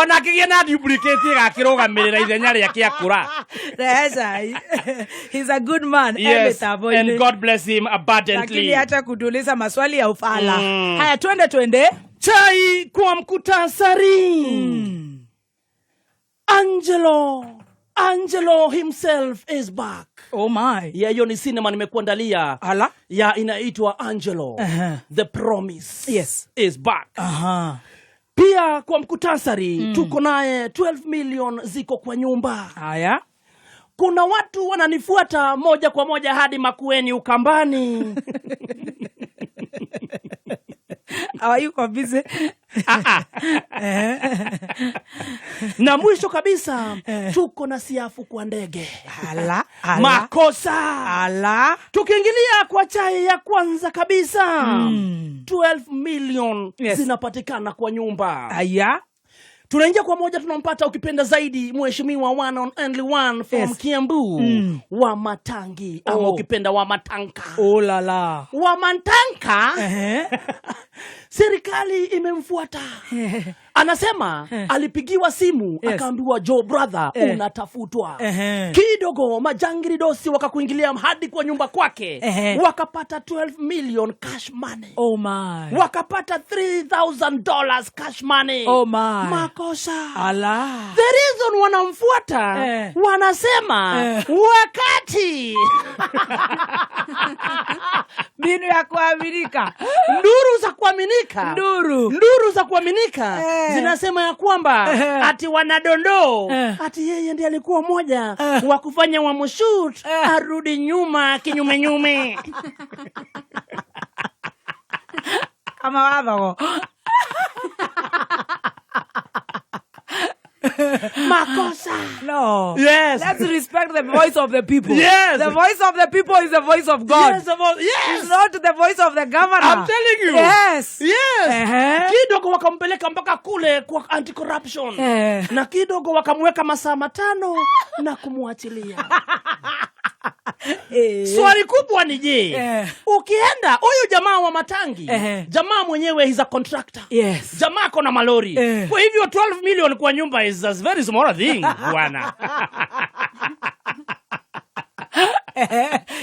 ona ngĩgĩa na duplicate ĩgakĩrũgamĩrĩra ithenya rĩake akũra he's a good man eh, yes, and god bless him abundantly lakini hata maswali ya ufala mm. haya twende twende chai kwa mm. angelo angelo himself is back oh my ya ni ala ya angelo the promise yes. is back pia kwa mkutasari mm. tuko naye 12 million ziko kwa nyumba. Haya, kuna watu wananifuata moja kwa moja hadi Makueni Ukambani. awayuko bize na mwisho kabisa eh. tuko na siafu kwa ndege ala, ala, makosa ala. Tukiingilia kwa chai ya kwanza kabisa mm. 12 million yes. zinapatikana kwa nyumba aya tunaingia kwa moja, tunampata ukipenda zaidi mheshimiwa one on only one from yes. Kiambu mm. wa Matangi oh. ama ukipenda wa Matanka oh, la la wa Matanka serikali imemfuata anasema alipigiwa simu yes. akaambiwa jo brother eh. unatafutwa eh. kidogo majangiridosi wakakuingilia hadi kwa nyumba kwake eh. wakapata 12 million cash money oh my. wakapata 3000 dollars cash money oh my. makosa Ala. the reason wanamfuata eh. wanasema eh. wakati mbinu ya kuaminika nduru za kuaminika nduru nduru za kuaminika eh. zinasema ya kwamba eh. ati wanadondoo eh. ati yeye ndiye alikuwa moja eh. wa kufanya wamshut eh. arudi nyuma kinyumenyume kama wavago Makosa. No. Yes. Let's respect the voice of the people. Yes. The voice of the people is the voice of God. Yes. vo- yes. It's not the voice of the governor. I'm telling you. Yes. Yes. Uh-huh. Kidogo wakampeleka mpaka kule kwa anti corruption. Uh-huh. Eh. Na kidogo wakamweka masaa matano na kumwachilia. Eh. Swali kubwa ni je, e. ukienda huyu jamaa wa matangi e. jamaa mwenyewe is a contractor yes. jamaa kona na malori e. kwa hivyo 12 million kwa nyumba is a very small thing bwana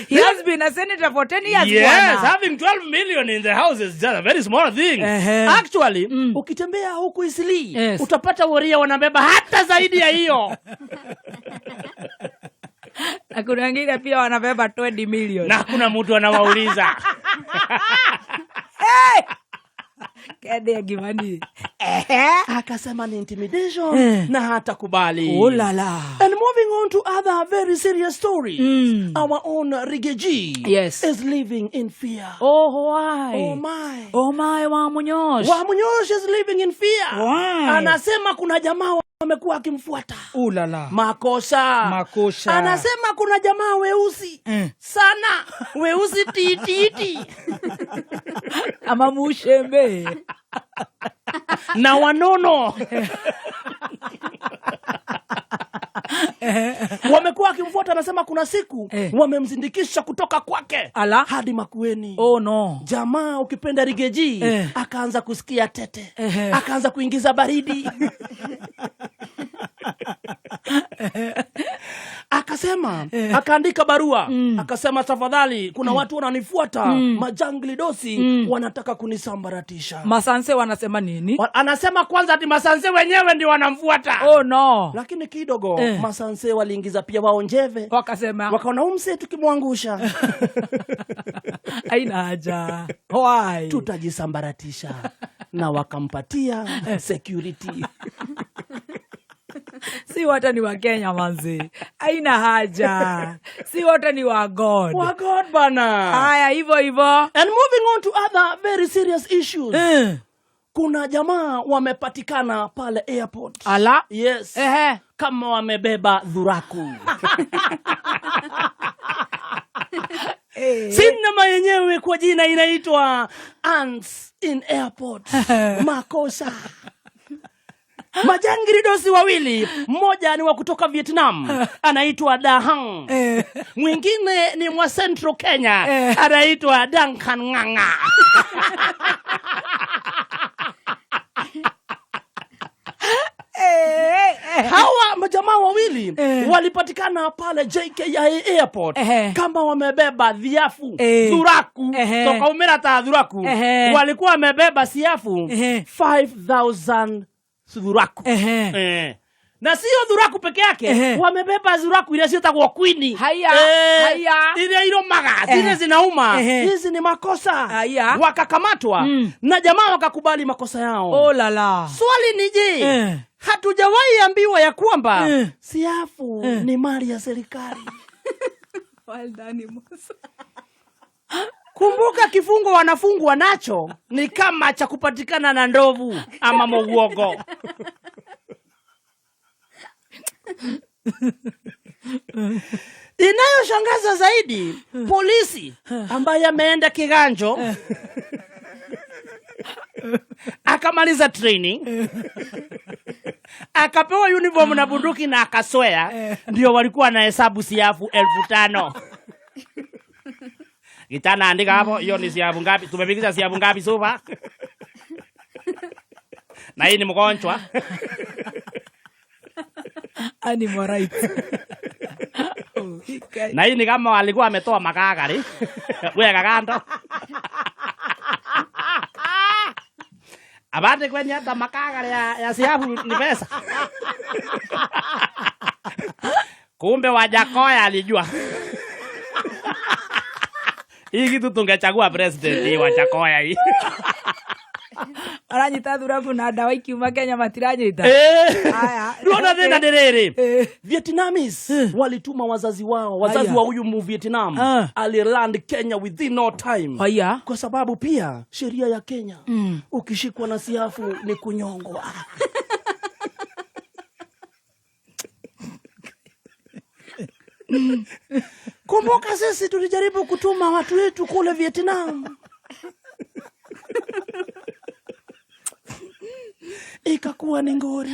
he has been a senator for 10 years yes, having 12 million in the house is just a very small thing uh-huh. actually mm. ukitembea huku Isli yes. utapata waria wanabeba hata zaidi ya hiyo na kuna wengine pia wanabeba 20 milioni na kuna mtu anawauliza hey! kede gimani akasema ni intimidation eh. na hata kubali lala. Oh, and moving on to other very serious stories mm. our own rigeji yes. is living in fear oh, why? Oh, my. Oh, my, wamunyosh wamunyosh is living in fear why? anasema kuna jamaa wamekuwa akimfuata ulala makosa anasema kuna jamaa weusi mm. sana weusi tititi ama mushembe na wanono eh. wamekuwa wakimfuata anasema kuna siku eh. wamemzindikisha kutoka kwake ala hadi makueni oh, no. jamaa ukipenda rigeji eh. akaanza kusikia tete eh. akaanza kuingiza baridi akasema eh. akaandika barua mm. akasema tafadhali kuna mm. watu wananifuata mm. dosi mm. wanataka kunisambaratisha masanse wanasema nini Wa, anasema kwanza ati masanse wenyewe ndio wanamfuata oh, no. lakini kidogo eh. masanse waliingiza pia waonjeve wakasema wakaona umse tukimwangusha aina haja tutajisambaratisha na wakampatia eh. security si wote ni wakenya manzi aina haja si wote ni wagod wagod bana haya hivo hivo and moving on to other very serious issues mm. kuna jamaa wamepatikana pale airport ala yes Ehe. kama wamebeba dhuraku Hey. Eh. sinema yenyewe kwa jina inaitwa in airport makosa majangiri dosi wawili mmoja ni wa kutoka vietnam eh. anaitwa dahang eh. mwingine ni mwa central kenya eh. anaitwa dankan nganga hawa majamaa wawili eh. walipatikana pale jkia airport eh. kama wamebeba dhiafu eh. thuraku eh. toka ta dhuraku eh. walikuwa wamebeba siafu eh. 5000 thuraku eh. na sio dhuraku peke yake wamebeba thuraku iria ciĩtagwo kwini ile iromaga eh, zile zinauma hizi ni makosa Haya. wakakamatwa mm. na jamaa wakakubali makosa yao oh, lala. swali ni je eh. hatujawahi ambiwa ya kwamba siafu ni mali ya serikali well done, Kumbuka kifungo wanafungwa nacho ni kama cha kupatikana na ndovu ama moguogo. Inayoshangaza zaidi, polisi ambaye ameenda kiganjo akamaliza training akapewa uniform na bunduki na akaswea, ndio walikuwa na hesabu siafu elfu tano Kijana andika hapo, hiyo ni siabu ngapi? Tumepigiza siabu ngapi supa? Na hii ni mgonjwa. Animal rights. Na hii ni kama alikuwa ametoa makakari. Weka kando. Abate kwenye hata makakari ya, ya siabu ni pesa. Kumbe Wajakoya alijua hii kitu tungechagua president hii wachakoya hii aranyita thurabu na dawa ikiuma Kenya matiranyita ruona eh. thina eh. ndä rä eh. rä Vietnamis walituma wazazi wao wazazi Aya. wa huyu mu Vietnam ah. aliland Kenya within no time Aya. kwa sababu pia sheria ya Kenya mm. ukishikwa na siafu ni kunyongwa Mm. Kumbuka sisi tulijaribu kutuma watu wetu kule Vietnam, ikakuwa ni ngori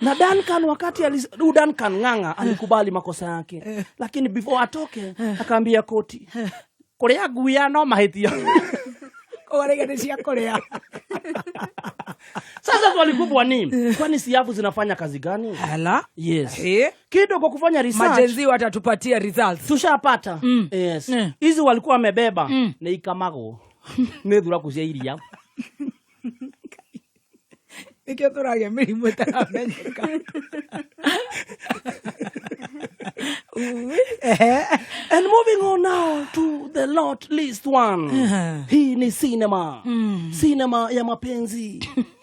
na Duncan wakati u Duncan Ng'ang'a alikubali makosa yake, lakini before atoke akaambia koti kuria guya no mahitio kureganisha kuria sasa swali kubwa ni kwani siafu zinafanya kazi gani? Hala. Yes. Eh. Kido kwa kufanya research. Majenzi watatupatia results. Tushapata. Mm. Yes. Eh. Hizi mm. walikuwa wamebeba mm. na ikamago. Nethura kucia iria. Ikio turagia mirimu itaramenyeka. And moving on now to the lot least one. Hii ni cinema. Mm. Cinema ya mapenzi.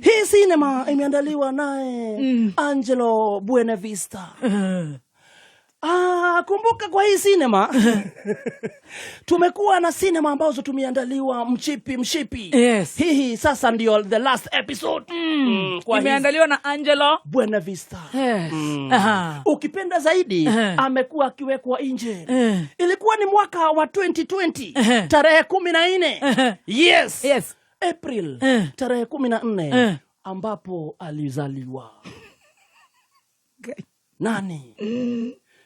Hii sinema imeandaliwa naye mm. Angelo Buenavista uh. Ah, kumbuka kwa hii sinema tumekuwa na sinema ambazo tumeandaliwa mchipi mshipi. Yes. Hihi sasa ndio the last episode mm. mm, imeandaliwa na Angelo Buena Yes. Mm. Ukipenda zaidi -huh. Eh. amekuwa akiwekwa nje. Eh. Ilikuwa ni mwaka wa 2020 -huh. tarehe kumi na nne. Yes. Yes april eh. tarehe kumi na nne eh. ambapo alizaliwa nani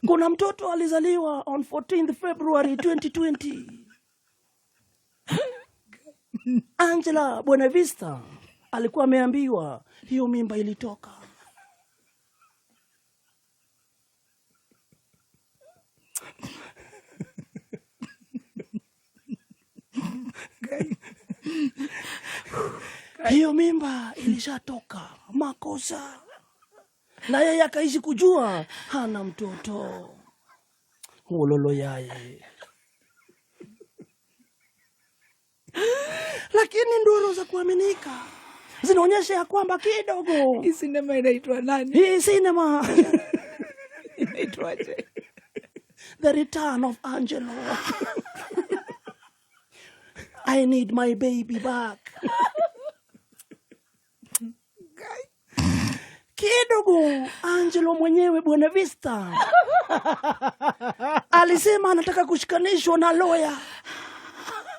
kuna mtoto alizaliwa on 14th february 2020 angela buenavista alikuwa ameambiwa hiyo mimba ilitoka hiyo mimba ilishatoka makosa, na yeye akaishi kujua hana mtoto. Wololo yaye lakini ndoro za kuaminika zinaonyesha ya kwamba kidogo hii sinema inaitwa nani? Hii sinema inaitwaje? The Return of Angelo. I need my baby back Angelo, mwenyewe Buena Vista alisema anataka kushikanishwa na loya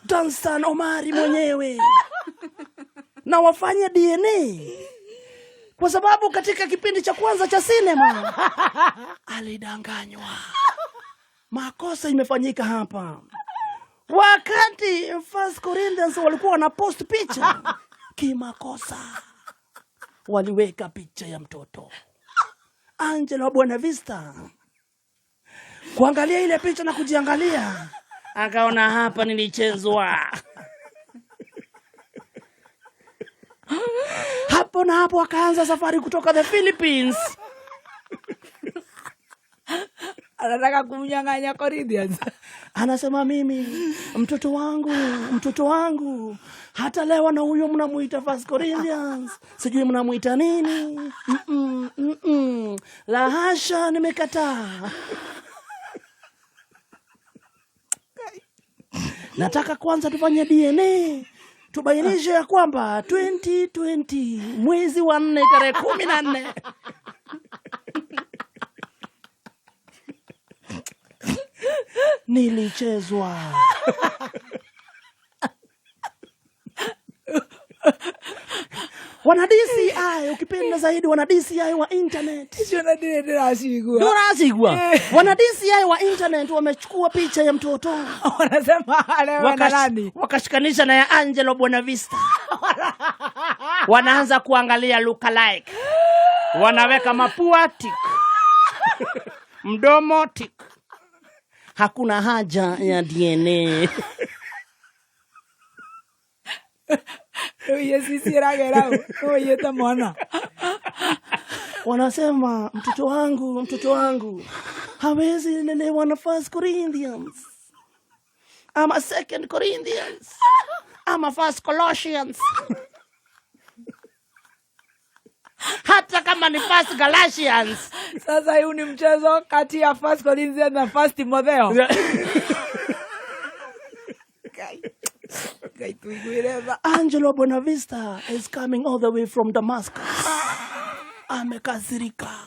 dansan Omari mwenyewe na wafanye DNA kwa sababu katika kipindi cha kwanza cha sinema alidanganywa. Makosa imefanyika hapa. Wakati First Corinthians walikuwa na post picha kimakosa, waliweka picha ya mtoto Angela wa Buena Vista kuangalia ile picha na kujiangalia, akaona hapa nilichezwa hapo na hapo akaanza safari kutoka the Philippines. anataka kumnyang'anya Corinthians anasema mimi mtoto wangu mtoto wangu hata lewa na huyo mnamwita First Corinthians, sijui mnamwita nini. mm -mm, mm -mm. La hasha, nimekataa. Nataka kwanza tufanye DNA tubainishe ya kwamba 2020 mwezi wa nne tarehe kumi na nne nilichezwa wana DCI ukipenda zaidi wana DCI wa internet ndirasigwa wana DCI wa internet wamechukua picha ya mtoto wakashikanisha na ya Angelo Bonavista wanaanza kuangalia lukalike wanaweka mapua tik mdomo tik hakuna haja ya DNA. Oye, mwana Wanasema mtoto wangu, mtoto wangu hawezi lelewa na First Corinthians ama Second Corinthians ama First Colossians hata kama ni first Galatians. Sasa huu ni mchezo kati ya first Corinthians na first Timotheo. Angelo Bonavista is coming all the way from Damascus. Amekasirika.